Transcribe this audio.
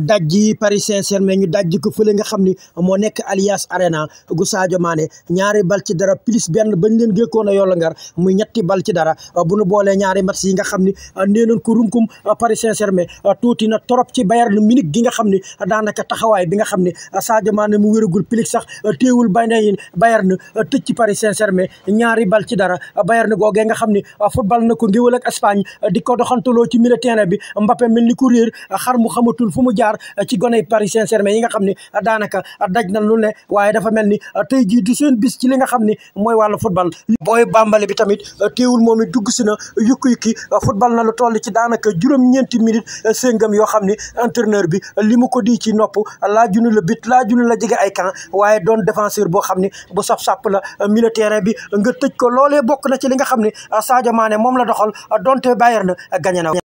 dajji Paris Saint-Germain ñu dajji ko fële nga xam ni moo nekk Allianz Arena gu Sadio Mané ñaari bal ci dara plus benn bañ leen gékkoon a yolla ngar ñetti bal ci dara bu nu boolee ñaari match yi nga xam ni nee nañ ko runkum Paris Saint-Germain tuuti na trop ci Bayern Munich gi nga xam ni daanaka taxawaay bi nga xam ni Sadio Mané mu wéragul pilig sax téewul bayna yi Bayern tëj ci Paris Saint-Germain ñaari bal ci dara Bayern googee nga xam ni football na ko ngéwal ak Espagne di ko doxantaloo ci milieu terrain bi Mbappé mel ni ku réer xar jaar euh, ci goney Paris Saint-Germain yi nga xam ni euh, daanaka euh, daj na lu ne waaye dafa mel ni tey jii du seen bis ci li nga xam ni mooy wàllu football booy bambale bi tamit teewul moom it dugg si na yukki-yukki football na lu toll ci daanaka juróom-ñeenti minute séngam yoo xam ni entraîneur bi li mu ko di ci nopp laajunu la bit laajunu la jege ay camp waaye doon défenseur boo xam ni bu saf-sàpp la milieu terrain bi nga tëj ko loolee bokk na ci li nga xam ni Sadio Mané moom la doxal